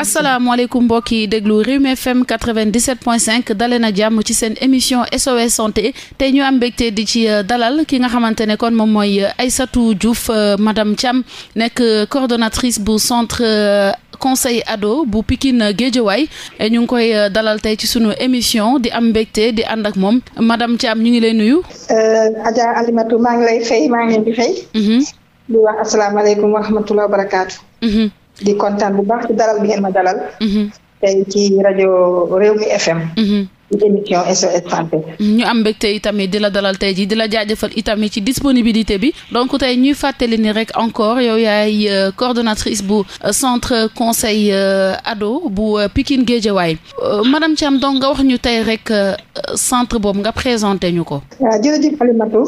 asalaamaaleykum mbokk yi déglu Rewmi FM 97.5 dalee na jàmm ci seen émission SOS santé tey ñu am mbégte di ci euh, dalal ki nga xamante ne kon moom mooy ay euh, Aïssatou Diouf euh, madame Thiam nekk coordonatrice bu centre conseil ado bu pikin Guédiawaye ñu ngi koy dalal tey ci sunu émission di am mbégte di ànd ak moom madame Thiam ñu ngi lay nuyu. Adja Alimatou maa ngi lay fay maa ngi leen di fay. Mhm. di wax asalaamaaleykum wa rahmatulah wa barakaatu. Mhm. di kontaan bu baax ci dalal bi ngeen ma dalal. Mhm. tey ci rajo Rewmi FM. Mhm. Mhm, ñu am mbégte itamit di la dalal tey jii di la jaajëfal itamit ci disponibilité bi donc tey ñuy fàttali nii rek encore yow yaay euh, coordonnatrice bu euh, centre conseil euh, ado bu Pikine Guédiawaye madame Thiam donc nga wax ñu tey rek centre boobu nga présenté ñu ko. waaw ah, jërëjëf Alimatou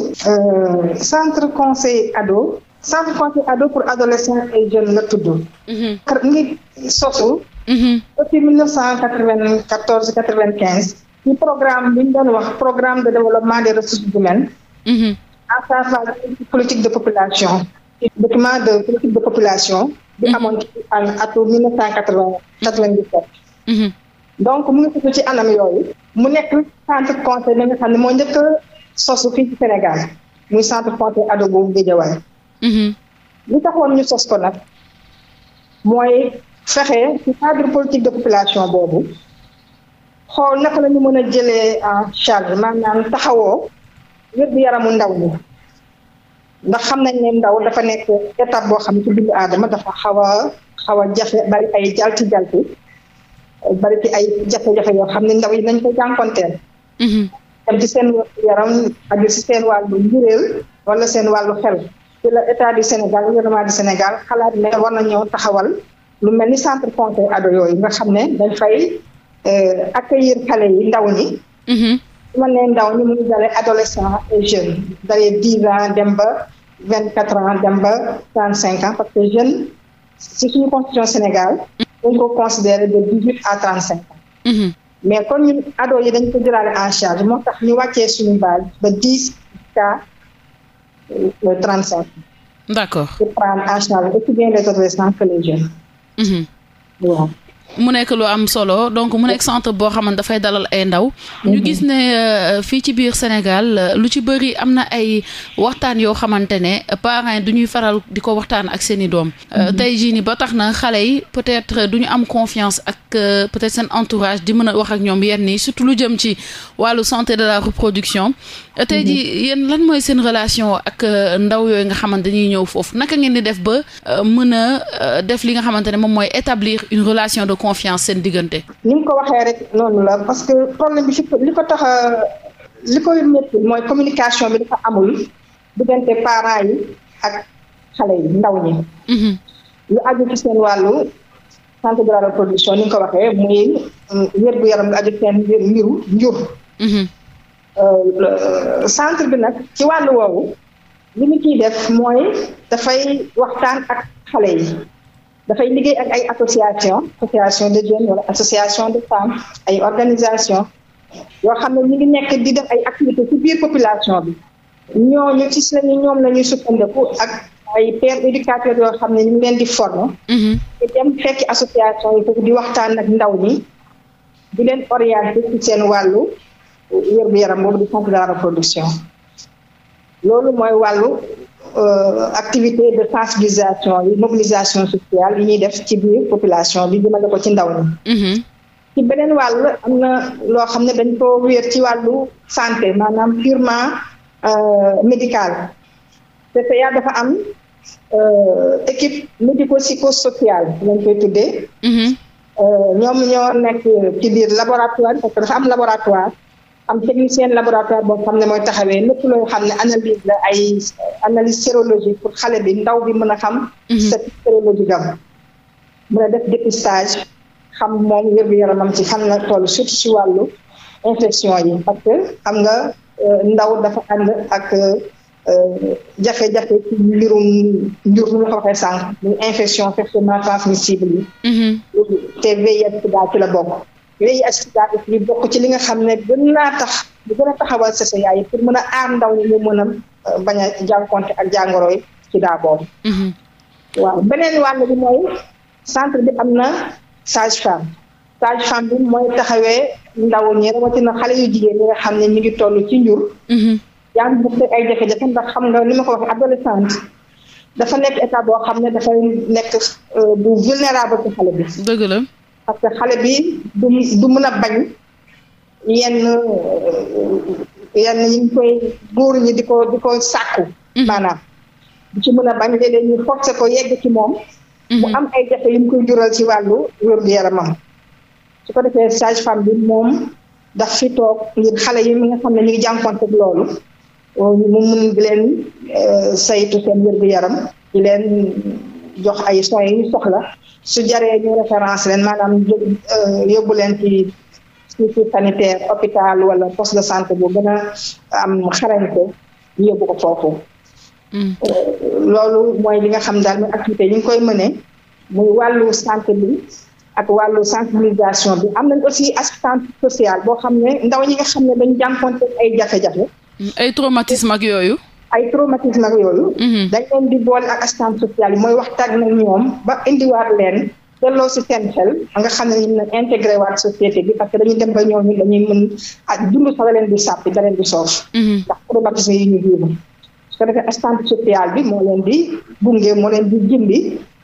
centre conseil ado. sans compter ado pour adolescent ay jeunes la tudd. Mhm. kër ngi sosu. Mhm. depuis mille neuf cent quatre vingt quatorze quatre vingt quinze. ci programme bi ñu doon wax programme de développement de ressources humaines. Mhm. à travers politique de population. document de politique population. bi amoon ci atum mille neuf cent quatre vingt quatre vingt donc mu ngi ci anam yooyu. mu nekk centre conseil bi nga moo njëkk a sosu fii ci Sénégal muy centre conseil ado boobu Guédiawaye li taxoon ñu sos ko nag mooy fexe ci cadre politique de population boobu xool naka la ñu mën a jëlee en charge maanaam taxawoo wérgu yaramu ndaw ñi ndax xam nañ ne ndaw dafa nekk étape boo xam ne ci dundu aadama dafa xaw a xaw a jafe bari ay jalti jalti bari ci ay jafe-jafe yoo xam ne ndaw yi nañ ko jànkonteel am mm-hmm. ci seen yaram ak ci seen wàllu njuréel wala seen wàllu xel ci la état du Sénégal gouvernement du Sénégal xalaat ne war na ñoo taxawal lu mel ni centre conseil ado yooyu nga xam ne dañ fay euh, accueillir xale yi ndaw ñi mhm. su ma nee ndaw ñi mu ngi dalee adolescent et jeune dem ba vingt quatre ans dem ba trente cinq parce que jeune si suñu constitution Sénégal dañ ko considéré de dix huit à trente cinq ans mhm. mais kon ado yi dañ ko jëlaale en charge moo tax ñu wàccee suñu base ba dix cas 35. d'accord pour prendre en charge aussi bien mhm. mu nekk lu am solo donc mu nekk centre boo xam ne dafay dalal ay ndaw. ñu mhm. gis ne euh, fii ci biir Sénégal euh, lu ci bëri am na ay waxtaan yoo xamante ne parent yi du ñuy faral di ko waxtaan ak seeni doom. Euh, mhm. tey jii ba tax na xale yi peut-être duñu am confiance ak peut-être seen entourage di mën a wax ak ñoom yenn yi surtout lu jëm ci wàllu santé de la reproduction. Euh, tey jii mhm. yéen lan mooy seen relation ak euh, ndaw yooyu nga xamante dañuy ñëw foofu naka ngeen di def ba euh, mën a def li nga xamante ne moom mooy établir une relation de confiance seen diggante. ni mu ko waxee rek noonu la parce que problème bi li ko tax li koy métti mooy communication bi dafa amul diggante parent yi ak xale yi ndaw ñi. Mhm. lu aju ci seen wàllu santé de reproduction ni nga ko waxee muy wér gu yaram lu aju seen mbiru njur. Mhm. Euh, centre bi nag ci wàllu woowu li mu ciy def mooy dafay waxtaan ak xale yi dafay liggéey ak ay association association de jeunes wala association de femmes ay organisation yoo xam ne ñu ngi nekk di def ay activités ci biir population bi ñooñu ci si lañu ñoom lañuy ñuy sukkandiku ak ay per éducateurs yoo xam ne ñu leen di former mm-hmm. di dem fekki association yi foofu di waxtaan ak ndaw ñi di leen orienter ci seen wàllu wér-gu-yaram boobu de la reproduction loolu mooy wàllu euh, activité de sensibilisation yi mobilisation sociale yi ñuy def ci biir population bi jëmale ci ndaw ñi mm-hmm. beneen wàll na loo xam ne dañ ko wéer ci wàllu santé maanaam purement euh, médical CCA e dafa am euh, équipe médico-psychosociale lañ koy tuddee mm-hmm. ñoom ñoo nekk ci biir laboratoire parce dafa am laboratoire am technicien laboratoire boo xam ne mooy taxawee lépp loo xam ne analyse la ay analyse sérologique pour xale bi ndaw bi mën a xam statut mhm. sérologique am mën def dépistage xam moom wér-gu-yaramam ci fan la toll surtout ci wàllu infection yi parce que xam nga euh, ndaw dafa ànd ak euh, euh, jafe-jafe ci mbirum njur lu ma ko waxee sànq muy infection sexuellement transmissible yi mhm. te VIH sida ci la bokk réeyi asiatique yi bokk ci li nga xam ne gën naa tax bu gën a taxawal CCA yi pour mën a aar ndaw ñu mën a euh, bañ a jànkonte ak jàngoro yi ci daa boobu mm-hmm. waaw beneen wàll bi mooy centre bi am na sage femme sage femme bi mooy taxawee ndaw ñi na xale yu jigéen ñi nga xam ne ñu ngi toll ci njur mm-hmm. yaa ngi bokk ay jafe ndax xam nga li ma ko waxee adolescente dafa nekk état boo xam ne dafa nekk euh, bu vulnérable ci xale bi dëgg la parce que xale bi du du mën a bañ yenn yi ñu koy góor ñi di ko di sàkku mhm. maanaam du ci mën a bañ léeg-léeg ko yegg ci moom mu mhm. am ay jafe yi mu koy jural ci wàllu wér-gu-yaramam su ko defee sage femme bi moom daf fi toog ngir xale yi mi nga xam ne ñu ngi jànkonteeg loolu mu mun di leen euh, saytu seen wér-gu-yaram di leen jox ay soy yi soxla su jaree ñu référence leen maanaam euh, yóbbu leen ci structure sanitaire hôpital wala poste de santé bu gën a am xarañte ñu yóbbu ko foofu mm. euh, loolu mooy li nga xam daal muy activité yi ñu koy mënee muy wàllu santé bi ak wàllu sensibilisation bi am nañ aussi assistance sociale boo xam ne ndaw ñi nga xam ne dañ jànkoonte ay jafe-jafe mm, ay traumatisme ak yooyu ay traumatisme ak yooyu. Mhm. dañ leen di boole ak assistance sociale yi mooy waxtaan ak ñoom ba indiwaat leen delloo si seen xel nga xam ne ñu nag intégré waat société bi parce que dañuy dem ba ñooñu dañuy mën ak dund sax da leen di mhm. bi moo leen di gunge moo leen di jëndi.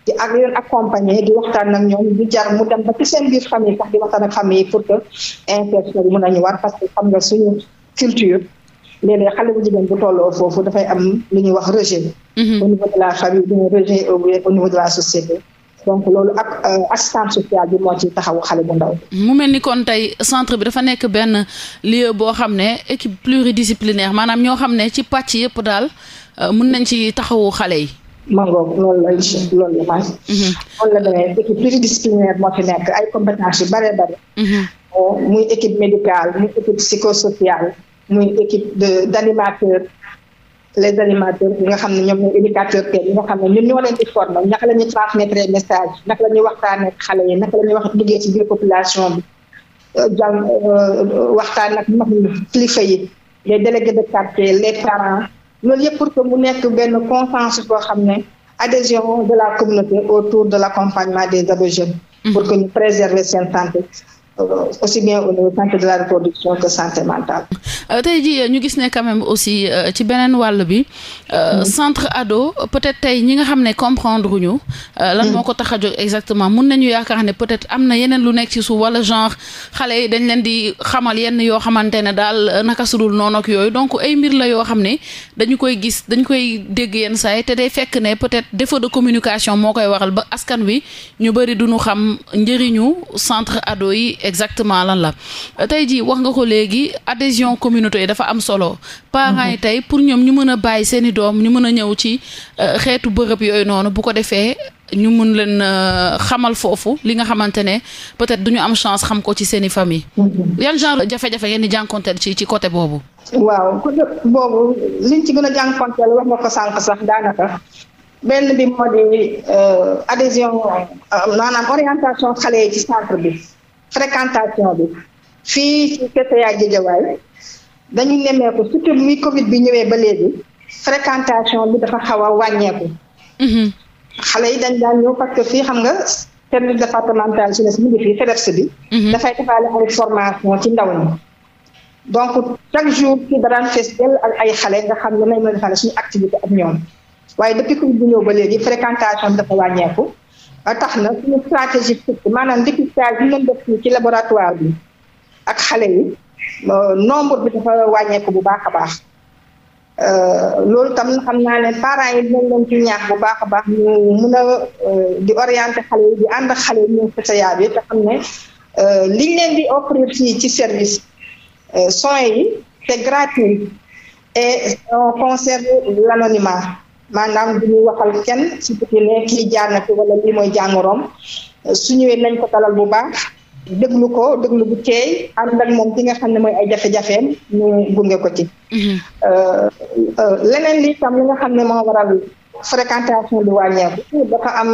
di ak leen accompagner di waxtaan ak ñoom di jar mu dem ba ci seen biir famille sax di waxtaan ak famille pour que insertion bi mën parce que xam nga suñu culture léeg-léeg xale bu jigéen bu tolloo foofu dafay am lu ñuy wax rejet. Mhm. au niveau de la famille dañuy rejet au de la société. donc loolu ak euh, assistance sociale bi moo ci taxawu xale bu ndaw. mu mel ni kon tey centre bi dafa nekk benn lieu boo xam ne équipe pluridisciplinaire maanaam ñoo xam ne ci pàcc yëpp daal euh, mun nañ ci taxawu xale yi. mangoog loolu la lool la man. Mhm. la demee équipe pluridisciplinaire moo yu bëree bëri. Mhm. Euh, muy équipe médicale muy équipe psychosociale. muy équipe de d' animateurs les animateurs bi nga xam ne ñoom ñooy éducateurs tey bi nga xam ne ñun ñoo leen di former naka la ñuy transmettre message naka la waxtaan ak xale yi naka la ñuy wax duggee ci biir population bi euh, jàng euh, waxtaan ak mag ñi kilifa yi les délégués de quartier les parents loolu yëpp pour que mu nekk benn consensus boo xam ne adhésion de la communauté autour de la compagnement des ados jeunes mm-hmm. pour que ñu préserver seen santé aussi bien au niveau santé de euh, tey jii euh, ñu gis ne quand même aussi euh, ci beneen wàll bi mm. centre ado peut-être tey ñi nga xam ne comprendre ñu. lan mm. moo ko tax a jóg exactement mun nañu yaakaar ne peut-être am na yeneen lu nekk ci suuf walla genre xale yi dañ leen di xamal yenn yoo xamante ne daal naka sudul noonu ak yooyu donc ay mbir la yoo xam ne dañu koy gis dañu koy dégg yenn saa yi te day fekk ne peut-être défaut de communication moo koy waral ba askan wi ñu bari duñu xam njëriñu centre ado yi. exactement lan la tey jii wax nga ko léegi adhésion communauté yi dafa am solo parents yi mhm. tey pour ñoom ñu mën a bàyyi seen doom ñu mën a ñëw ci euh, xeetu bërëb yooyu noonu bu ko defee ñu mën leen euh, xamal foofu li nga xamante ne peut-être duñu am chance xam ko ci seen i famille mhm. yan genre jafe-jafe ngeen di jànkonteel ci ci côté boobu waaw côté boobu liñ ci gën a jànkonteel wax nga ko sànq sax daanaka benn bi moo di euh, adhésion maanaam orientation xale yi ci centre bi fréquentation bi fii ci CCA dañuy dañu nemmeeku surtout mi Covid bi ñëwee ba léegi fréquentation bi dafa xaw a wàññeeku. Mhm. xale yi dañ daan ñëw parce que fii xam nga service départemental jeunesse mu ngi fii CDEPS bi. Mhm. dafay defaale ay formation ci ndaw ñi. donc chaque jour ci daraan fees dell ak ay xale nga xam ne nañ mën a defaale suñu activité ak ñoom waaye depuis Covid bi ñëw ba léegi fréquentation bi dafa wàññeeku. tax na suñu stratégie fukki maanaam dépistage bi ñu def fii ci laboratoire bi ak xale yi euh, nombre bi dafa wàññeeku bu baax a baax euh, loolu tam xam naa ne parent yi dinañ leen ci ñaax bu baax a baax ñu mun a euh, di orienter xale yi di ànd xale yi ñu CCA bi te xam ne liñ leen di offrir fii ci service soins yi te gratuit et on conserve maanaam du ñu waxal kenn ci biti ne kii jaar fi wala lii mooy jàngoroom su ñëwee nañ ko talal bu baax déglu ko déglu bu teey ànd moom ki nga xam ne mooy ay jafe-jafeem gunge ko ci mhm. euh, euh, leneen li tam li nga ne moo waral fréquentation bi wàññeeku dafa am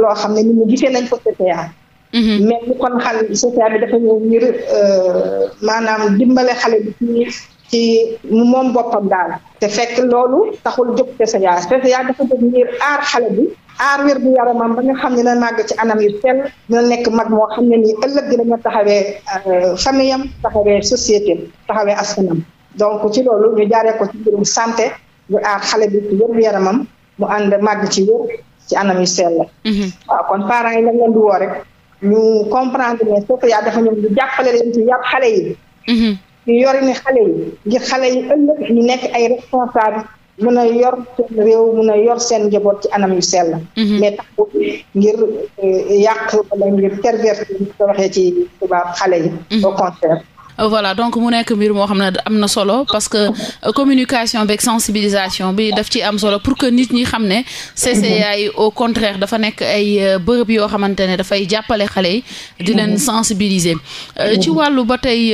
loo xam ne nit ñi gisee nañ ko CCA mhm. mais bu kon xal CCA bi dafa ñëw ngir euh, maanaam dimbale xale bi ci ci moom boppam daal te fekk loolu taxul jóg PCA PCA dafa jóg ngir aar xale bi aar wér bu yaramam ba nga xam ne na màgg ci anam yu sell dina nekk mag moo xam ne nii ëllëg dina nga taxawee euh, famille am taxawee société taxawee askanam donc ci loolu ñu jaaree ko ci mbirum santé ñu aar xale bi ci wér bu yaramam mu ànd màgg ci wér ci anam yu sell la mm-hmm. waaw kon parents yi lañ leen woo rek ñu comprendre ne PCA dafa ñoom ñu jàppale leen ci yàpp xale yi mm-hmm. yor ni xale yi ngir xale yi ëllëg ñu nekk ay responsable mën a yor seen réew mën a yor seen njaboot ci anam yu sell mhm. mais taxu ngir eh, yàq wala ngir pervertir ñu ko ci tubaab xale yi mhm. au contraire voilà donc mu nekk mbir moo xam ne am na solo parce que euh, communication beeg sensibilisation bi daf ci am solo pour que nit ñi xam ne CCA yi au contraire dafa nekk ay euh, bërëb yoo xamante ne dafay jàppale xale yi di leen sensibiliser euh, ci wàllu ba tey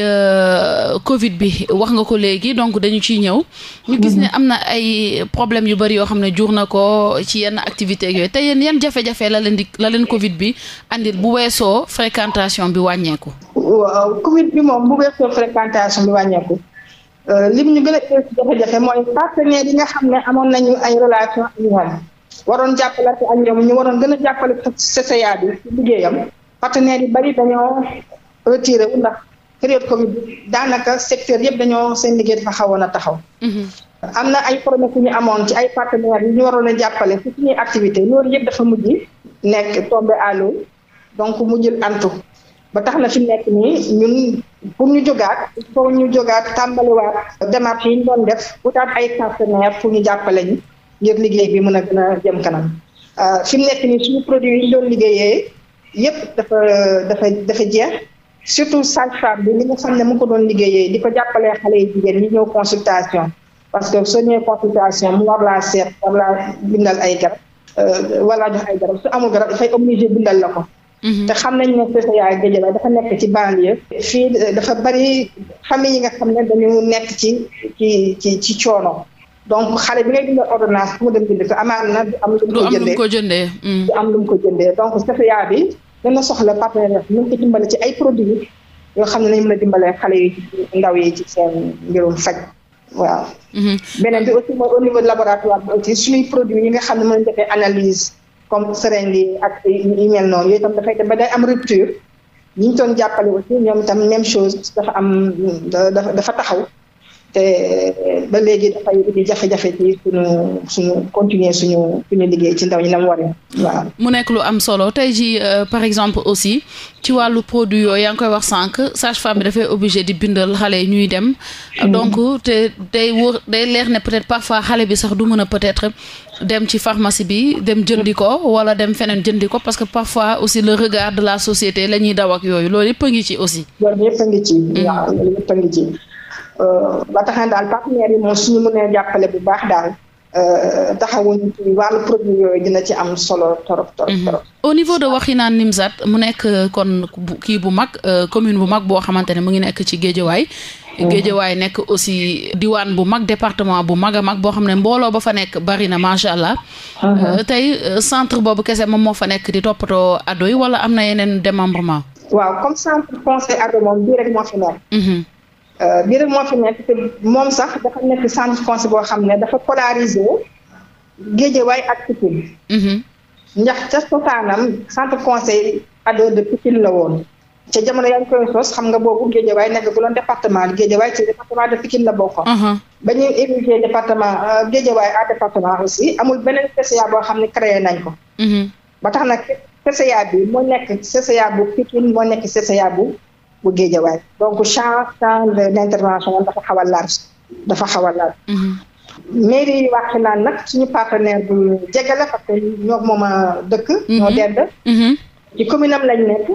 Covid bi wax nga ko léegi donc dañu ci ñëw ñu gis ne am na ay problème yu bëri yoo xam ne jur na ko ci yenn activité yooyu te yéen yan jafe-jafe la leen di la leen Covid bi andil bu weesoo fréquentation bi wàññeeku taux fréquentation bi wàññeeku euh, lim ñu gën a jafe-jafe mooy partenaires yi nga xam ne amoon nañu ay relation ak ñoom waroon jàppale ak ñoom ñu waroon gën a jàppale CCA bi ci liggéeyam partenaires yi bari dañoo retiré wu ndax période Covid daanaka secteur yëpp dañoo seen liggéey dafa xawoon a taxaw. Mhm. am na ay promesses yu ñu amoon ci ay partenaires yi ñu waroon jàppale ci suñuy activité loolu yëpp dafa mujj nekk tombé à l'eau donc mujjul antu. ba tax na fi nekk nii ñun pour ñu jógaat pour ñu jógaat tàmbaliwaat demaat yi ñu doon def wutaat ay partenaires pour ñu jàppale ñu ngir liggéey bi mën a gën jëm kanam euh, fi mu nekk nii suñu produit yi ñu doon liggéeyee yépp dafa dafa dafa jeex surtout sage-femme bi ni nga xam ne mu ko doon liggéeyee di ko jàppalee xale yi jigéen ñi ñëw consultation parce que soo ñëwee consultation mu war laa seet war laa bindal ay garab euh, wala jox ay garab su amul garab dafay obligé bindal la ko. Mm-hmm. te xam nañ ne CCA Guédiawaye dafa nekk ci banlieue. fii dafa bari famille yi nga xam ne dañu nekk ci ci ci ci coono. donc xale bi ngay jëndee ordonnance fu mu dem jënd na du am lu mu ko jëndee mm. am lu mu ko jëndee donc CFEA bi dana soxla partenaire ñu ngi ko dimbale ci ay produits yoo xam ne nañu mën a dimbalee xale yi ndaw yi ci seen mbirum faj waaw mm-hmm. beneen bi aussi mooy au niveau de laboratoire bi aussi suñuy produits yi nga xam ne mën nañu defee analyse comme sëriñ bi ak yu mel noonu yooyu dafay dem ba day am rupture ñi ñu doon jàppale ñoom itam même chose dafa am dafa dafa taxaw te ba léegi dafay indi jafe-jafe ci suñu continuer suñu liggéey ci ndaw ñi la mu waree waaw. mu nekk lu am solo tey jii euh, par exemple aussi ci wàllu produit yooyu yaa ngi koy wax sànq sage-femme bi dafay obligé di bindal xale ñuy dem. Mm. donc te day wóor day leer ne peut-être parfois xale bi sax du mën a peut-être dem ci pharmacie bi dem jëndi ko walla dem feneen jëndi ko parce que parfois aussi le regard de la société la ñuy daw ak yooyu loolu yëpp a ngi ci aussi. loolu yëpp a ngi Euh, ba tax na daal partenaires yi moom suñu mënee jàppale bu baax daal. Euh, taxawuñ ci wàllu produit yooyu dina ci am solo torop torop mhm. torop au niveau de Wakhinane Nimzatt mu nekk euh, kon kii bu mag commune bu mag boo xamante ne mu ngi nekk ci Guédiawaye mhm. Guédiawaye nekk aussi diwaan bu mag département bu mag a mag boo xam ne mbooloo ba fa nekk bari na macha allah. Mhm. tey centre boobu kese moom moo fa nekk di toppatoo ado yi wala am na yeneen démembrement waaw comme centre conseil Euh, bii rek moo fi nekk moom sax dafa nekk centre conseil boo xam ne dafa polarisé Guédiawaye ak Pikine mhm. ndax ca sosaanam centre conseil ado de Pikine la woon ca jamono yaa ngi koy sos xam nga boobu Guédiawaye nekk loon département Guédiawaye ci département de Pikine la bokkoon mhm. ba ñuy érigé département euh, Guédiawaye à département aussi amul beneen CCA boo xam ne créé nañ ko mhm. ba tax na CCA bi moo nekk CCA bu Pikine moo nekk CCA bu bu géejawaay donc champ champ d'intervention dafa xaw a large dafa xaw a large mhm. mairie yi wax naan nag suñu partenaire bu jege parce que ñoo moom dëkk ñoo mhm. dend mhm. commune am lañ nekk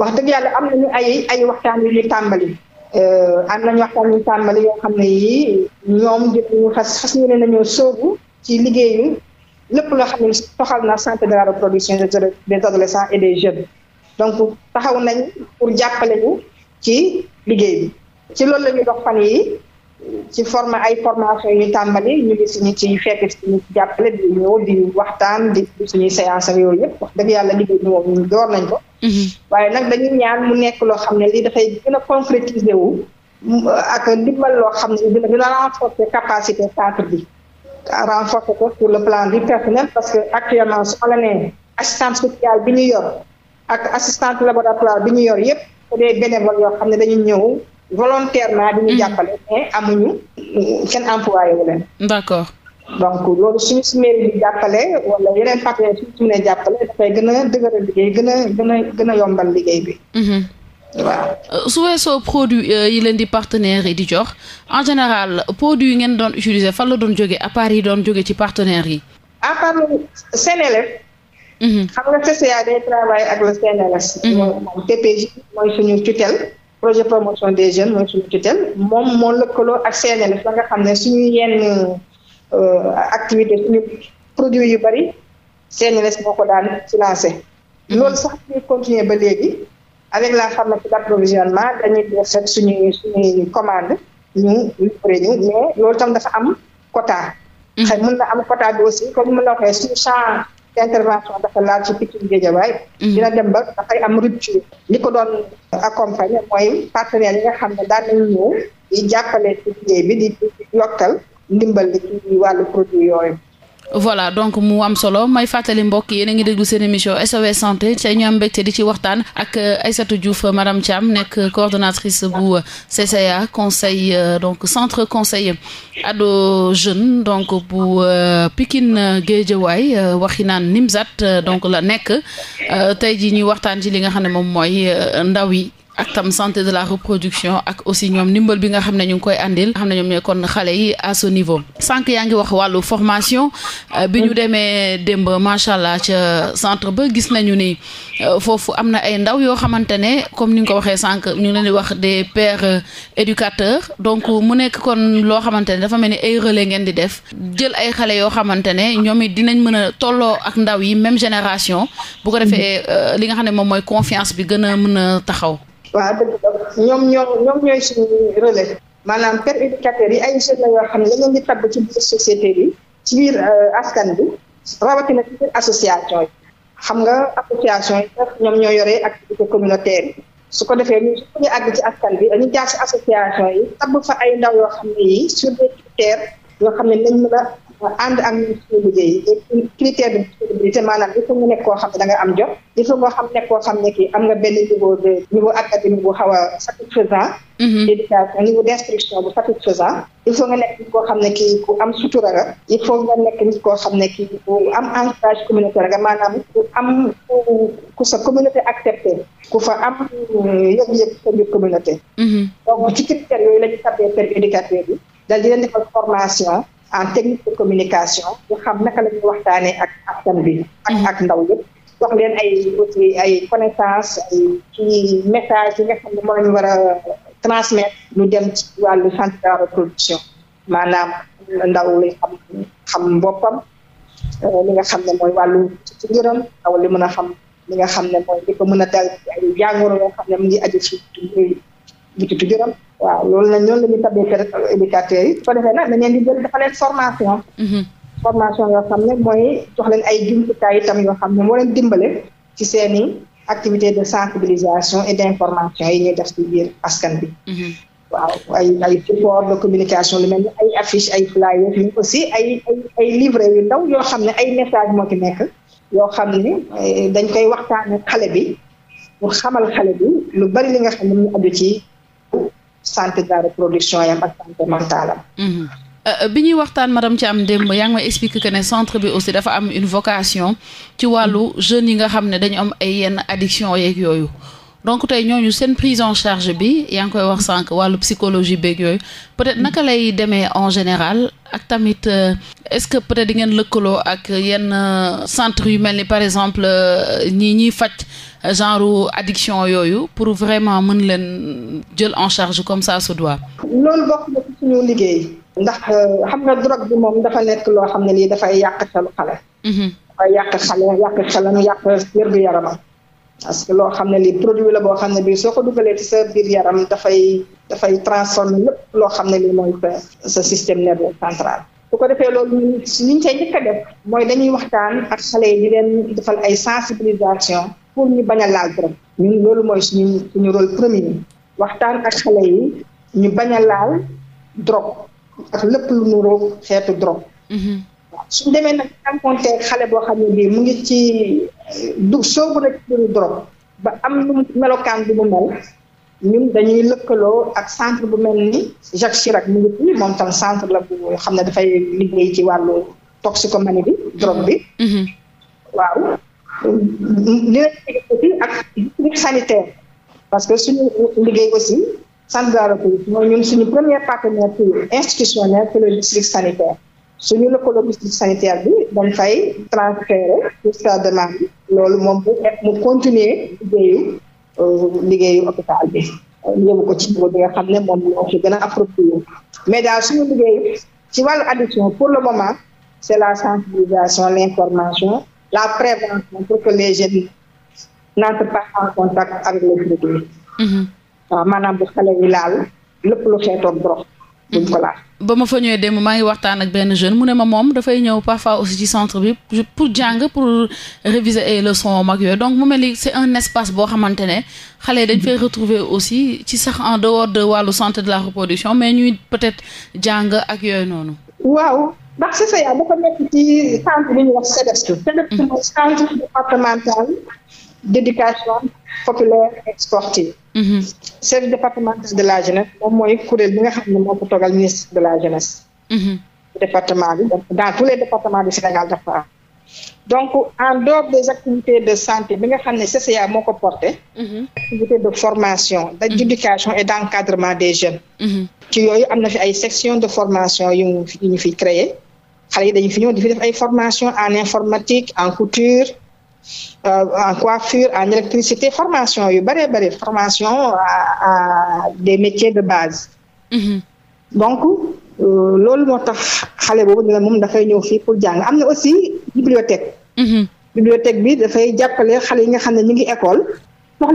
wax dëgg yàlla am nañu ay ay waxtaan yu ñu tàmbali euh, am nañu waxtaan yu ñu tàmbali yoo xam ne yi ñoom dinañu fas fas yéene nañoo sóobu ci liggéeyu lépp loo xam ne soxal na santé de la reproduction des adolescents et des jeunes donc taxaw nañ pour jàppale ñu ci liggéey bi ci loolu la ñu dox fan yi ci forme ay formation yu tàmbali ñu ngi suñu ci fekk suñu ci jàppale di ñëw di waxtaan di suñuy séance yooyu yëpp wax dëgg yàlla liggéey bi moom ñu nañ ko mhm. waaye nag dañuy ñaan mu nekk loo xam ne lii dafay gën a concrétiser wu ak ndimbal loo xam ne dina dina renforcer capacité centre bi renforcer ko sur le plan du personnel parce que actuellement su ma la nee assistance bi ñu yor ak assistante laboratoire bi ñu yor yëpp te des bénévoles yoo xam ne dañu ñëw volontairement di ñu mm. jàppale mais amuñu kenn employé wu leen. d'accord. donc loolu suñu si mairie bi jàppale wala yeneen a suñu si jàppale gën a dëgëral liggéey gën a gën a gën a yombal liggéey bi. Mm-hmm. waaw. Euh, su weesoo produit euh, yi leen di partenaires yi di jox en général produit yi ngeen doon utiliser fan la doon jógee à part yi doon jóge ci partenaires yi. à part Senelec Mm-hmm. xam nga CCA day travailler ak le CNRS. Mm-hmm. moom TPJ mooy suñu tutelle projet promotion des jeunes mooy suñu tutelle moom moo lëkkaloo ak CNRS ba nga xam ne suñu yenn euh, activité suñu produit yu bari CNRS moo ko daan financé. Mm-hmm. loolu sax ñuy continuer ba léegi avec la pharmacie d'approvisionnement dañuy def rek suñuy commande ñu livré ñu mais loolu tam dafa am quota. xëy mën na am quota bi aussi comme mën la suñu champ intervention dafa laal ci Pikine Guédiawaye mm-hmm. dina dem ba dafay am rupture li ko doon accompagner mooy partenaires yi nga xam ne daal nañu ñëw di jàppale ci liggéey bi di yokkal ndimbal li ci wàllu produit yooyu voilà donc mu am solo may fàttali mbokk yéen a ngi déglu seen émission SOS santé tey ñu am mbégte di ci waxtaan ak euh, Aïssatou Diouf euh, madame Thiam nekk coordonnatrice bu euh, CCA conseil donc centre conseil adoo jeune donc bu Pikine Guédiawaye waxi naan Nimzat donc la nekk tey ji ñuy waxtaan ci li nga xam ne moom mooy ndaw yi. ak tam santé de la reproduction ak aussi ñoom ndimbal bi nga xam ne ñu ngi koy àndil xam ne ñoom ñooy kon xale yi à ce niveau sànq yaa ngi wax wàllu formation euh, bi ñu mm. demee démb macha allah ca centre ba gis nañu ni euh, foofu am na ay ndaw yoo xamante ne comme ni nga ko waxee sànq ñu leen di wax des pères euh, éducateurs donc mu nekk kon loo xamante ne dafa mel ni ay relais ngeen di def jël ay xale yoo xamante ne ñoom it dinañ mën a tolloo ak ndaw yi même génération bu ko defee mm. li nga xam ne moom mooy confiance bi gën a mën a taxaw waaw dëgg la ñoom ñoo ñoom ñooy suñu relais maanaam père éducateur yi ay jeunes la yoo xam ne la leen di tabb ci biir société ci biir euh, askan bi rawatina ci yi xam nga association yi sax ñoom ñoo yoree activité communautaire yi su ko defee ñun suñu àgg ci askan bi dañu jaar ci association yi tabb fa ay ndaw yoo xam ne yi sur des yoo xam ne nañ mën a ànd ak ñu critère de disponibilité maanaam il faut nga nekk koo xam ne da nga am jot il faut nga xam nekk koo benn niveau de niveau académique bu xaw a satisfaisant mhm. éducation niveau d' instruction bu satisfaisant il faut nga nekk nit koo xam ne kii ku am sutura nga il faut nga nekk nit koo xam ne kii ku am ancrage communautaire nga maanaam ku am ku sa communauté accepté ku fa am euh, yëg-yëg sa biir communauté mhm. donc ci critères yooyu la bi dal di leen formation en technique de communication ñu xam naka la ñuy waxtaanee ak askan bi ak mhm. ak ndaw yëpp wax leen ay aussi ay connaissance ay ci message yi nga xam ne moom lañu war dem ci wàllu santé reproduction maanaam ndaw li xam xam boppam euh, nga xam ne mooy wàllu ci njëram li mën a xam li nga xam ne mooy li ko mën a dal ay xam ngi aju butik juróom waaw loolu nag loolu la ñuy tabbee éducateurs yi su ko defee nag dañ leen di jël mm-hmm. formation yoo xam ne mooy jox ay jumtukaay itam yoo xam ne moo leen dimbale ci seen i activité de sensibilisation et d' information yi ñuy def ci biir askan bi mm-hmm. waaw ay ay support de communication lu mel ni ay affiche ay flyers mais aussi ay ay ay yu ndaw yoo xam ne ay message moo ci nekk yoo xam ne eh, dañ koy waxtaane xale bi pour xamal xale bi lu bari li nga xam ne ci santé de la reproduction yam ak santé mentale mhm. euh, euh, bi ñuy waxtaan madame Thiam démb yaa ngi may expliquer que ne centre bi aussi dafa am une vocation ci wàllu jeunes yi nga xam ne dañu am ay yenn addiction yeeg yooyu donc tey ñooñu seen prise en charge bi yaa ngi koy wax sànq wàllu psychologie beeg yooyu peut-être naka lay demee en général ak tamit euh, est-ce que peut-être di ngeen lëkkaloo ak yenn euh, centre yu mel ni par exemple euh, ñi ñiy faj genre addiction yooyu pour vraiment mën leen jël en charge comme ça se doit. loolu bokk na suñu liggéey. ndax xam nga drogue bi moom dafa nekk loo xam ne lii dafay yàq xelu xale. Mhm. dafay yàq xale yàq xelam yàq wér yaramam. parce que loo xam ne lii produit la boo xam ne bii soo ko dugalee ci sa biir yaram dafay dafay transformer lépp loo xam ne li mooy sa système nerveux central. su ko defee loolu ñu liñ cay njëkk def mooy dañuy waxtaan ak xale yi defal ay sensibilisation pour ñu baña a laal drogue loolu mooy suñu suñu rôle premier waxtaan ak xale yi ñu bañ a laal drogue ak lépp lu nuroo xeetu drogue. Mm-hmm. suñ demee nag rencontré xale boo xam ne bii mu ngi ci du soobu na ci biiru drogue ba am nu melokaan bi mu mel ñun dañuy lëkkaloo ak centre bu mel ni Jacques Chirac mu ngi fi moom tam centre la bu xam ne dafay liggéey ci wàllu toxicomanie bi drogue bi mm-hmm. waaw li aussi ak district sanitaire parce que suñu liggéey aussi centre de la République mooy ñun suñu premier partenaire institutionnel c'est le district sanitaire suñu lëkkaloo district sanitaire bi dañ fay transféré pour sa loolu moom mu continuer liggéeyu euh, liggéeyu hôpital bi yóbbu ko ci niveau nga xam ne moom moo ko gën a approprié mais daal suñu liggéey ci wàllu addiction pour le moment c' la sensibilisation l' information la prévention pour que les jeunes n'entrent pas en contact avec les produits. Mm-hmm. waaw bu xale yi laal lépp lu xeetoon drogue duñ ko ba ma fa ñëwee dem maa ngi waxtaan ak benn jeune mu ne ma moom dafay ñëw parfois aussi ci centre bi pour jàng pour réviser ay leçons mag yooyu donc mu mel ni c'est un espace boo xamante ne xale yi dañ fay retrouver aussi ci sax en dehors de wàllu santé de la reproduction mais ñuy peut-être jàng ak yooyu noonu. waaw ndax CCA dafa nekk ci centre bi ñuy wax centre départemental d'éducation populaire et sportive. Mm-hmm. chef départemental de la jeunesse moom mooy kuréel bi nga xam ne moo ko ministre de la jeunesse. Mm-hmm. département bi dans tous les départements du Sénégal dafa am. donc en dehors des activités de santé bi nga xam ne CCA moo ko porté. Mm-hmm. activité de formation d' éducation et des jeunes. ci yooyu am na fi ay section de formation yu ñu fi yu xale yi dañu fi ñëw fi def ay formation en informatique en couture. en euh, coiffure en électricité formation yu bëree bëri formation à des métiers de base mm-hmm. donc euh, loolu moo tax xale boobu ne moom dafay ñëw fii pour jàng am na aussi bibliothèque mm-hmm. bibliothèque bi dafay jàppale xale yi nga xam ne ñu ngi école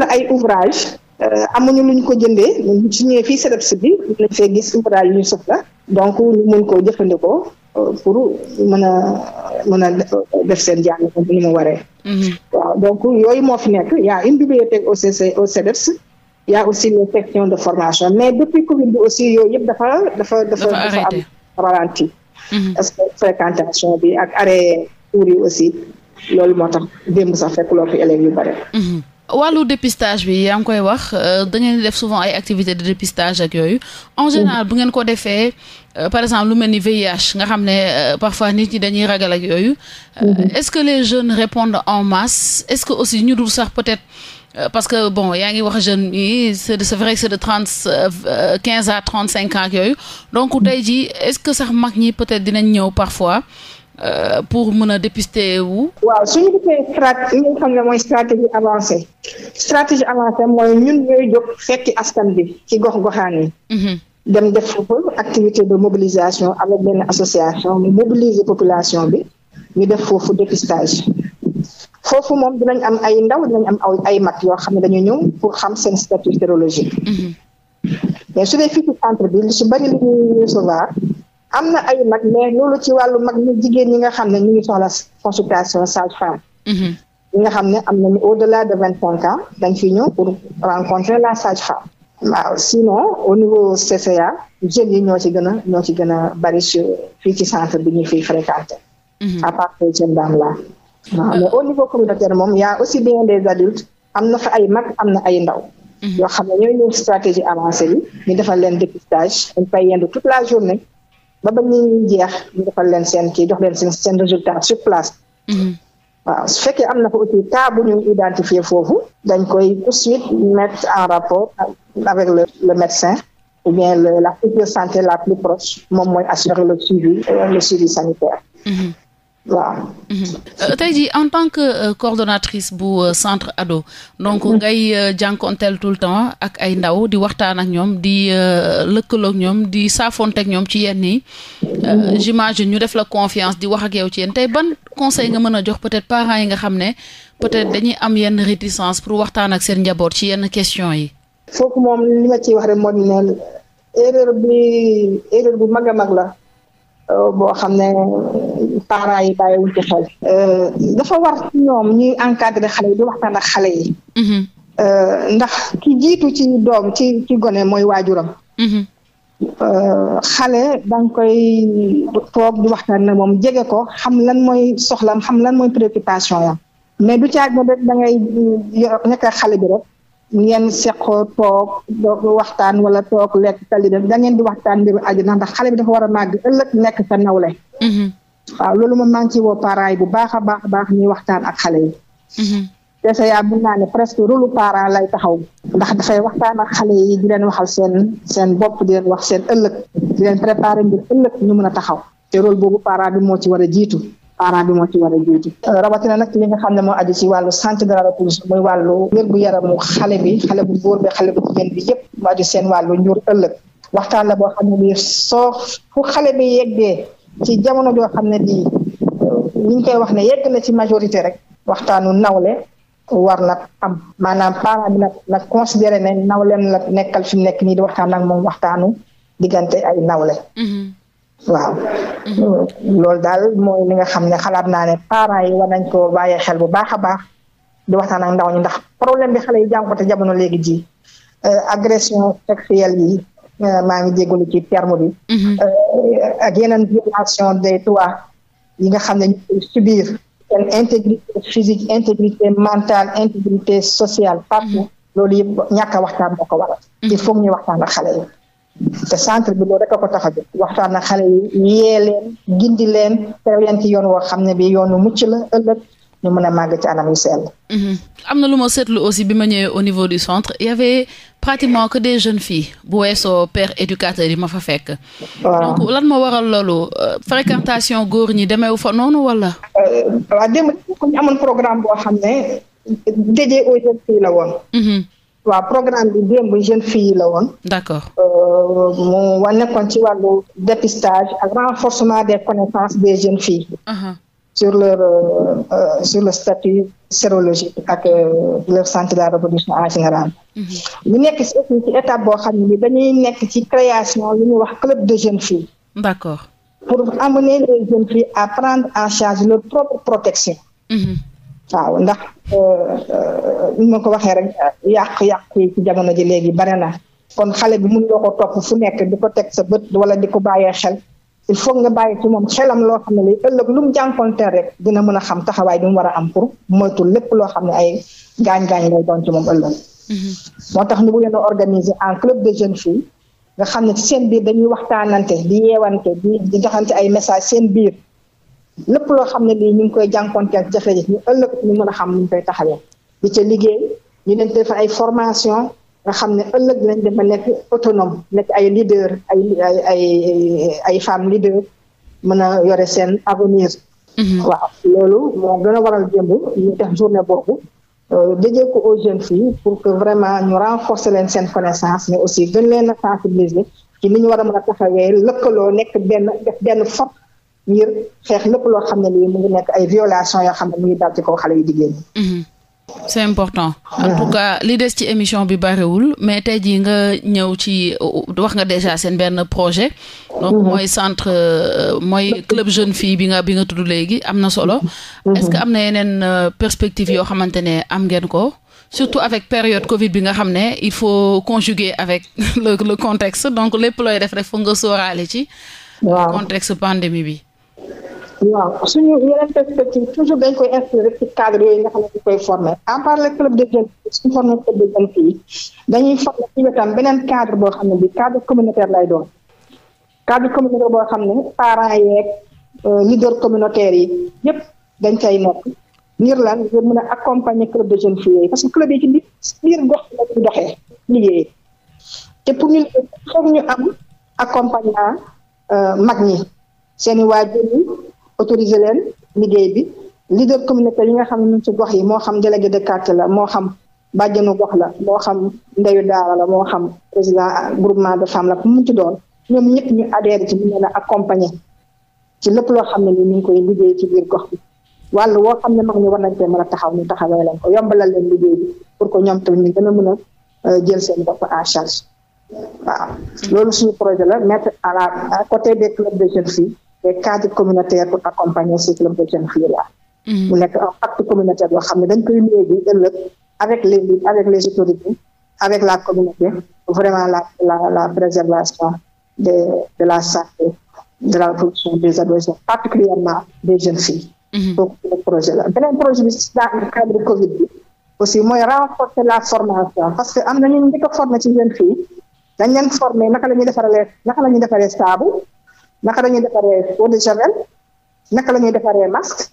la ay ouvrage euh, amuñu lu ñu ko jëndee su ñëwee fii SEDEPS bi lañ fee gis ouvrage yu ñu soxla donc ñu mun koo jëfandikoo pour mën a mën a def seen jàng ni mu waree waaw donc yooyu moo fi nekk yaa a une bibliothèque au CC au CEDEPS aussi les sections de formation mais depuis Covid bi aussi yooyu yëpp dafa dafa dafa dafa am ralenti mhm. parce que fréquentation bi ak arrêt cours aussi loolu moo tax démb sax fekkuloo fi élèves yu bare mhm. wàllu dépistage bi yaa ngi koy wax euh, da ngeen def souvent ay activités de dépistage yooyu en général bu ngeen ko defee Euh, par exemple lu mel ni VIH nga xam ne euh, parfois nit ñi dañuy ragal yooyu. Euh, mhm. est-ce que les jeunes répondent en masse est-ce que aussi ñu dul sax peut-être. parce que bon yaa ngi wax jeunes yi c'est de c'est vrai quinze à trente cinq ans yooyu donc mhm. tey ji est-ce que sax mag ñi peut-être dinañ ñëw parfois pour mën a dépister wu. waaw suñu defee strat li nga xam ne mooy stratégie avancée mooy ñun ñooy jóg fekki askan bi ci gox goxaan yi. Mhm. dem def foofu activité de mobilisation avec benn association mu mobiliser population bi ñu def foofu dépistage foofu moom dinañ am ay ndaw dinañ am aw ay mag yoo xam ne dañu ñëw pour xam seen statut sérologique mhm. su dee centre bi lu si bari li ñuy recevoir am na ay mag mais loolu ci wàllu mag ñi jigéen ñi nga xam ne ñu ngi soxla consultation sage-femme mhm. ñi nga xam ne am nañu au delà de vingt cinq ans dañ fi ñëw pour rencontrer la sage-femme waaw sinon au niveau CCA jeunes yi ñoo ci gën a ñoo ci gën a bari fii ci centre bi ñu fiy fréquenté. Mhm. à part que Thiem Dame laa. waaw mais au niveau communautaire moom y' a aussi bien des adultes am na fa ay mag am na ay ndaw. Mhm. yoo xam ne ñooy ñëw stratégie avancée bi ñu defal leen dépistage dañ fay yendu toute la journée ba ba ñuy jeex ñu defal leen seen kii jox leen seen seen résultat sur place. Mhm. waaw su fekkee am na fa aussi cas bu ñu identifier foofu dañ koy tout de suite mettre en rapport avec le, le médecin ou bien le, la structure santé la plus proche moom mooy assurer le suivi euh, le suivi sanitaire. Mm-hmm. waaw. Mhm. Euh, tey jii en tant que euh, coordonnatrice bu euh, centre ado donc mhm. ngay euh, jànkonteel tout le temps ak ay ndaw di waxtaan ak ñoom di lëkkalook ñoom di saafonteeg ñoom ci yenn yi mhm. j'imagine ñu def la confiance di wax ak yow ci yenn tey ban conseil nga mën a jox peut-être parents yi nga xam ne peut-être dañuy am yenn réticence pour waxtaan ak seen njaboot ci yenn question yi. foofu moom li ma ciy wax rek moo di bi erreur bu mag a mag la. Euh, boo xam ne parents yi bàyyiwuñ ci xel. Euh, dafa war ci ñoom ñuy encadré xale yi di waxtaan ak xale yi. Mm-hmm. Euh, ndax ki jiitu ci doom ci ci gone mooy waajuram. Mm-hmm. xale da koy toog di waxtaan na moom jege ko xam lan mooy soxlam xam lan mooy préoccupation yam mais du caag ne da ngay nekk xale bi rek. ngeen seqoo toog doog waxtaan wala toog lekk tali da ngeen di waxtaan mbiru àjjana ndax xale bi dafa war a màgg ëllëg nekk sa nawle mm-hmm. waaw loolu moom maa ngi ciy woo parents yi bu baax a baax a baax ñuy waxtaan ak xale yi dese mm-hmm. yaa mun naa ne presque rôle parent lay taxaw ndax dafay waxtaan ak xale yi di leen waxal seen seen bopp di wax seen ëllëg di leen préparer mbir ëllëg ñu mën a taxaw te rôle boobu parent bi moo ci war a jiitu parent bi moo ci war a jiitu euh, rawatina nag li nga xam ne moo aju ci wàllu santé de la reproduction muy wàllu wér-gu-yaramu xale bi xale bu góor bi xale bu jigéen bi yëpp mu aju seen wàllu njur ëllëg waxtaan la boo xam ne soo fu xale bi yeggee ci jamono joo xam ne bii euh, li ñu koy wax ne yegg na ci majorité rek waxtaanu nawle war na am maanaam parent na nag nag considéré ne nawleem la nekkal fi mu nekk nii di waxtaan ak moom waxtaanu diggante ay nawle mm-hmm. waaw loolu daal mooy li nga xam ne xalaat naa ne parents yi war nañ ko bàyyi xel bu baax a baax di waxtaan ak ñi ndax problème bi xale yi jànkuwante jamono léegi ji euh, agression sexuelle yi euh, maa ngi jégalu ci terme bi. Mm-hmm. Euh, ak yeneen violation des droits yi nga xam ne ñu koy subir seen intégrité physique intégrité mentale intégrité sociale partout mm-hmm. loolu yëpp ñàkk waxtaan moo ko waral. Mm-hmm. il faut ñu waxtaan ak xale yi. te centre bi loolu rek a ko tax a waxtaan ak xale yi yee leen gindi leen terew leen ci yoon woo xam ne bi yoonu mucc la ëllëg ñu mën a màgg ci anam yu sell. Mhm. am na lu ma seetlu aussi bi ma ñëwee au niveau du centre y avait pratiquement que des jeunes filles bu weesoo père éducateur yi ma fa fekk. waaw donc moo waral loolu euh, fréquentation góor ñi demeewu fa noonu wala. Euh, waaw démb ku amoon programme boo xam ne dédié aux jeunes filles la woon. Mhm. waaw programme bi démb jeune fii la woon. d'accord euh, mu wa nekkoon ci wàllu dépistage ak renforcement des connaissances des jeunes fii uh-huh. sur leur euh, euh, sur le statut sérologique ak leur santé de la reproduction en général. ñu uh-huh. nekk ci aussi boo xam ne dañuy nekk ci création lu ñuy wax club de jeunes filles. d'accord pour amener les jeunes filles à prendre en charge leur propre protection. Uh-huh. waaw ndax euh, euh, ni ma ko waxee rek yàq-yàq yi ci jamono ji léegi bare na kon xale bi mun loo ko topp fu nekk di ko teg sa bët wala di ko bàyyee xel il faut nga bàyyi ci moom xelam loo xam ne li ëllëg lu mu jànkonteel rek dina mën a xam taxawaay bi mu war a am pour moytu lép loo xam ne ay gaañ gañ lay doon ci moom mm-hmm. moo tax ñu bëggoon a organiser en club de jeunes filles nga xam ne ci seen biir dañuy waxtaanante di yeewante di di joxante ay message seen biir lépp loo xam ne lii ñu ngi koy jànkonteel jafe-jafe ñu ëllëg ñu mën a xam ñu koy taxawee di ca liggéey ñu leen defal ay formation a xam ne ëllëg dinañ dema nekk autonome nekk ay leader ay ay ay ay femme leader mën a yore seen avenir mhm. waaw loolu moo gën a waral démb ñu def journée boobu euh, déjee ko aux jeunes filles pour que vraiment ñu renforcer leen seen connaissance mais aussi gën leen a sensibiliser ci ni ñu war a mën taxawee lëkkaloo nekk benn benn forte ngir xeex lépp loo xam ne mu ngi nekk ay violation yoo xam mu ngi dal ci mhm. important li des ci émission bi bariwul mais tey jii nga ñëw ci wax nga déjà seen benn projet mhm. mooy centre euh, mooy club jeune fille bi nga bi nga tudd léegi am na solo mhm. est-ce que am na yeneen euh, perspective yoo xamante ne am ngeen ko surtout avec période Covid bi nga xam ne il faut conjuguer avec le contexte donc lépp looy def rek foog nga sóoraale ci contexte pandémie bi waaw suñu yeneen perspective toujours dañ koy inscrire ci cadre yooyu nga xam ne koy former à part club de jeunes filles suñu former club de jeunes dañuy former beneen cadre boo xam ne bi cadre communautaire lay doon cadre communautaire boo xam ne parents yeeg euh, leader communautaire yi yépp dañ kay nekk ngir lan ngir mën a accompagner club de jeunes filles yooyu parce que club yi ci biir gox la ñuy doxee liggéey te pour ñu foog ñu am accompagnement euh, mag ñi seen i waajur yi autorisé leen liggéey bi leader communautaire yi nga xam ne ñun ci gox yi moo xam délégué de quartier la moo xam bàjjanu gox la moo xam ndeyu daara la moo xam président groupement de femmes la ku mu ci doon ñoom ñëpp ñu adhéré ci ñu leen a accompagné ci lépp loo xam ne ni ñu koy liggéey ci biir gox bi wàllu woo xam ne mag ñu war nañ cee man a taxaw ñu taxawee leen ko yombalal leen liggéey bi pour que ñoom tamit ñu gën a mën a euh, jël seen bopp à charge waaw loolu suñu projet la mettre à la côté des de jeunes des cadres communautaires pour accompagner ces clubs de mhm. nekk un pacte communautaire boo xam ne dañ koy nuyu bi ëllëg avec les autorités avec la communauté vraiment la la la préservation de de la santé de la production des adolescents particulièrement des jeunes filles. Mhm. donc le projet la beneen projet bi si dans le cadre Covid bi aussi mooy renforcer la formation parce que am na ñu njëkk a former ci jeunes filles dañ leen former naka la ñuy defaree naka la ñuy saabu. naka la ñuy defaree eau de javel naka la ñuy defaree masque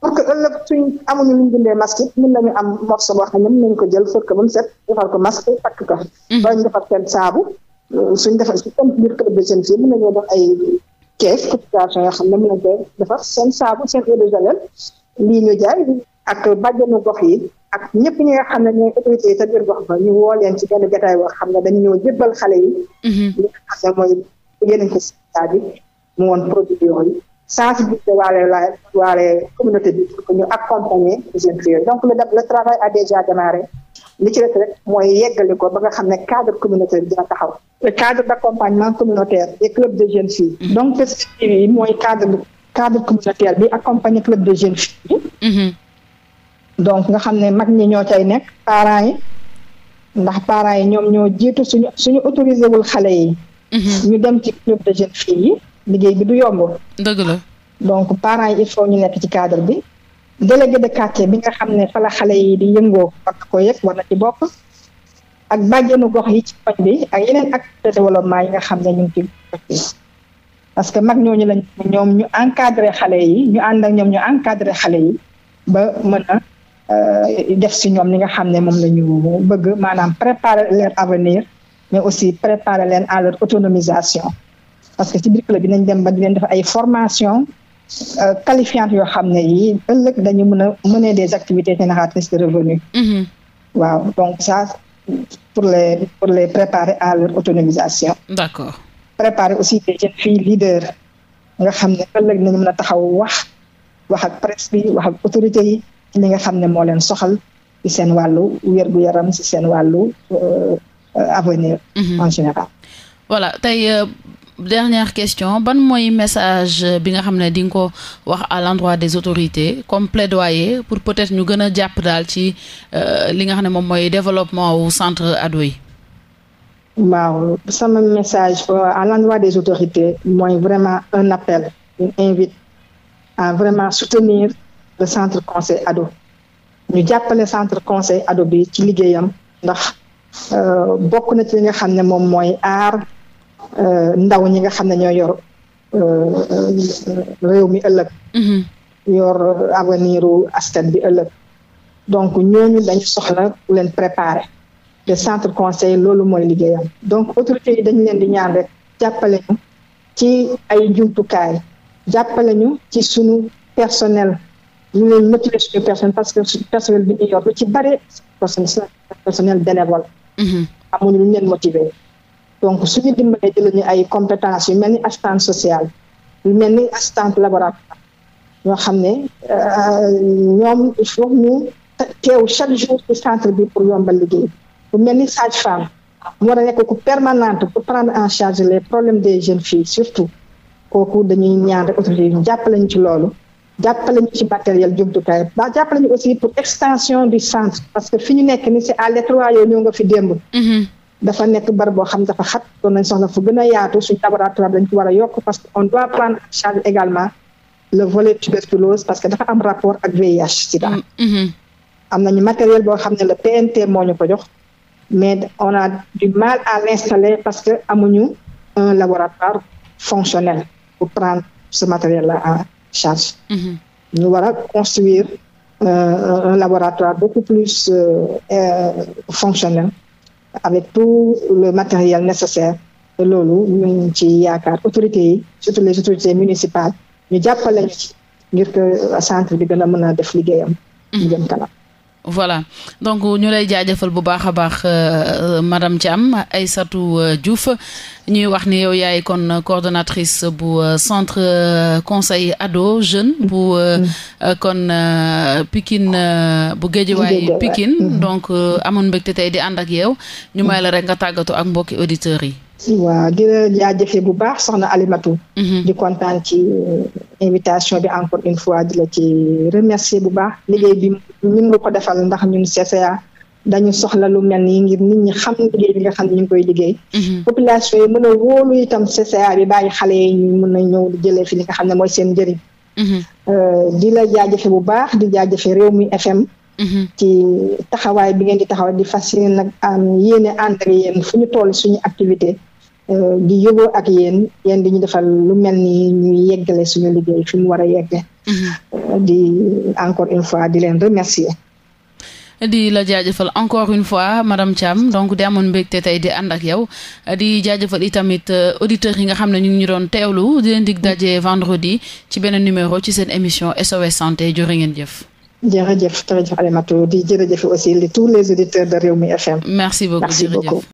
pour que ëllëg suñ amuñu luñ dundee masque it mën nañu am morceau boo xam ne mën nañu ko jël fóot ko ba mu set defar ko masque takk ko. Mhm. wala ñu defar seen saabu euh, suñ defar si comme biir club de jeunes fii mën nañoo yoo xam ne mën nañu koy defar seen saabu seen eau de javel lii ñu jaay ak bàjjenu yi. ak ñëpp ñi xam ne ñooy autorité yi te biir gox leen ci benn jataay boo xam ne dañ ñoo jébbal xale yi. Mhm. li nga xam ne mooy yéen ko si bi mu woon produit yooyu sensibiliser waale la waale communauté bi pour ñu accompagner jeunes filles donc le le travail a déjà démarré li ci des rek mooy yeggali ko ba nga xam ne cadre communautaire bi dina taxaw le cadre d' accompagnement communautaire des clubs mm-hmm. donc mooy cadre cadre communautaire bi accompagner club de jeunes filles mm-hmm. donc nga xam ne mag ñi ñoo cay nekk parents yi ndax parents yi ñoom ñoo jiitu suñu suñu autorisé wul xale yi mm-hmm. ñu dem ci club de jeunes filles yi liggéey bi du yomb. dëgg la donc parent yi il faut ñu nekk ci cadre bi. délégué de quartier bi nga xam ne fa xale yi di yëngoo war na ko yëpp war na ci bokk ak bàjjenu gox yi ci koñ bi ak yeneen activité développement yi nga xam ne ñu ngi ci parce que mag ñooñu lañ ñu encadré xale yi ñu ànd ak ñoom ñu encadré xale yi ba mën a euh, def ci ñoom li nga xam ne moom la ñu bëgg maanaam préparer leur avenir mais aussi préparer leen à leur autonomisation parce que ci biir club bi nañ dem def ay formation euh, qualifiante yoo xam ne yi ëllëg dañu mën a mener des activités génératrices de revenus mm-hmm. waaw donc ça pour les pour les préparer à leur autonomisation d'accord préparer aussi des jeunes filles nga xam ne ëllëg nañu mën taxaw wax wax ak presse bi wax ak autorité yi ci li nga xam ne moo leen soxal ci seen wàllu wér-gu-yaram si seen wàllu euh, euh, avenir mm-hmm. en général voilà tey dernière question ban mooy message bi nga xam ne di nga ko wax à l'endroit des autorités comme plaidoyer pour peut-être ñu gën a jàpp daal ci euh, li nga xam ne moom mooy développement wu centre ado yi waaw sama message à l'endroit des autorités mooy vraiment un appel une invite à vraiment soutenir le centre conseil ado ñu jàppale centre conseil ado bi ci liggéeyam ndax euh, bokk na ci li nga xam ne moom mooy aar Euh, ndaw ñi nga xam ne ñoo yor euh, euh, réew mi ëllëg mm-hmm. yor avenir u bi ëllëg donc ñooñu dañu soxla leen préparer te centre conseil loolu mooy liggéeyam donc autorité yi dañ leen di ñaan rek jàppale ñu ci ay jumtukaay jàppale ñu ci suñu personnel ñu leen motiver suñu personnel parce que personnel bi ñu yor lu ci bare personnel bénévole mm-hmm. amuñu lu ñu leen motiver donc suñu dimbalee jël ay compétence yu mel ni assistante sociale yu mel ni assistante laboratoire ñoo xam ne euh, ñoom il faut ñu teew chaque jour ci centre bi pour yombal liggéey bu mel ni sage femme moo war nekk ku permanente pour prendre en charge les problèmes des jeunes fii surtout kooku dañuy ñaan rek autorité yi jàppale ñu ci loolu jàppale ñu ci matériel jumtukaay ba jàppale ñu aussi pour extension du centre parce que fi ñu nekk ni c'est à l'étroit ñoo nga fi démb mm-hmm. dafa nekk bar boo xam dafa xat doon nañ soxla fu gën a yaatu suñ laboratoire dañ ko war yokk parce que on doit prendre en charge également le volet tuberculose parce que dafa am rapport ak VIH sida mm, mm-hmm. am nañu matériel boo xam ne le PNT moo ñu ko jox mais on a du mal à l'installer parce que amuñu un laboratoire fonctionnel pour prendre ce matériel là en charge mm-hmm. ñu war a construire euh, un laboratoire beaucoup plus euh, euh, fonctionnel avec tout le matériel nécessaire te loolu ñu ngi ci yaakaar autorités yi surtout les autorités municipales ñu jàppale ñu ci ngir que centre bi gën a mën a def liggéeyam. ñu mm-hmm. jëm kanam. voilà donc ñu lay jaajëfal bu baax a baax euh, madame Thiam Aïssatou euh, Diouf. ñuy wax ni yow yaay kon coordonnatrice bu euh, centre euh, conseil ado jeune bu euh, mm. kon Pikine bu Guédiawaye Pikine mm. donc amoon mbégte tey di ànd ak yow ñu may la nga tàggatoo ak mbokki auditeurs yi waaw di bu baax soxna Alimatou mm-hmm. invitation bi encore ci remercier bu baax liggéey bi ñun nga ko defal ndax ñun CCA dañu soxla lu mel nii ngir nit ñi xam liggéey bi nga xam ne ñu koy liggéey. Mhm. population yi mën a wóolu itam CCA bi bàyyi xale yi ñu mën a ñëw di jëlee fi li nga xam ne mooy seen njëriñ. Mhm. Euh, di la jaajëfe bu baax di jaajëfe réew mi FM. Mhm. ci taxawaay bi ngeen di taxaw di fas yéene nag am yéene ànd yéen fu ñu toll suñu activité. Euh, di yóbboo ak yéen yéen di ñu defal lu mel ni ñuy yeggale suñu liggéey fi mu war a yeggee. Euh, di encore une fois di leen remercier. di la jaajëfal encore une fois madame Thiam donc di amoon mbégte tey di ànd ak yow di jaajëfal itamit euh, auditeurs yi nga xam ne ñu ngi ñu doon teewlu di leen dig daje vendredi ci benn numéro ci seen émission SOS santé jërë ngeen jëf. jërëjëf jërëjëf Alimatou di jërëjëf aussi tous les auditeurs de Rewmi FM. merci beaucoup jërëjëf merci beaucoup.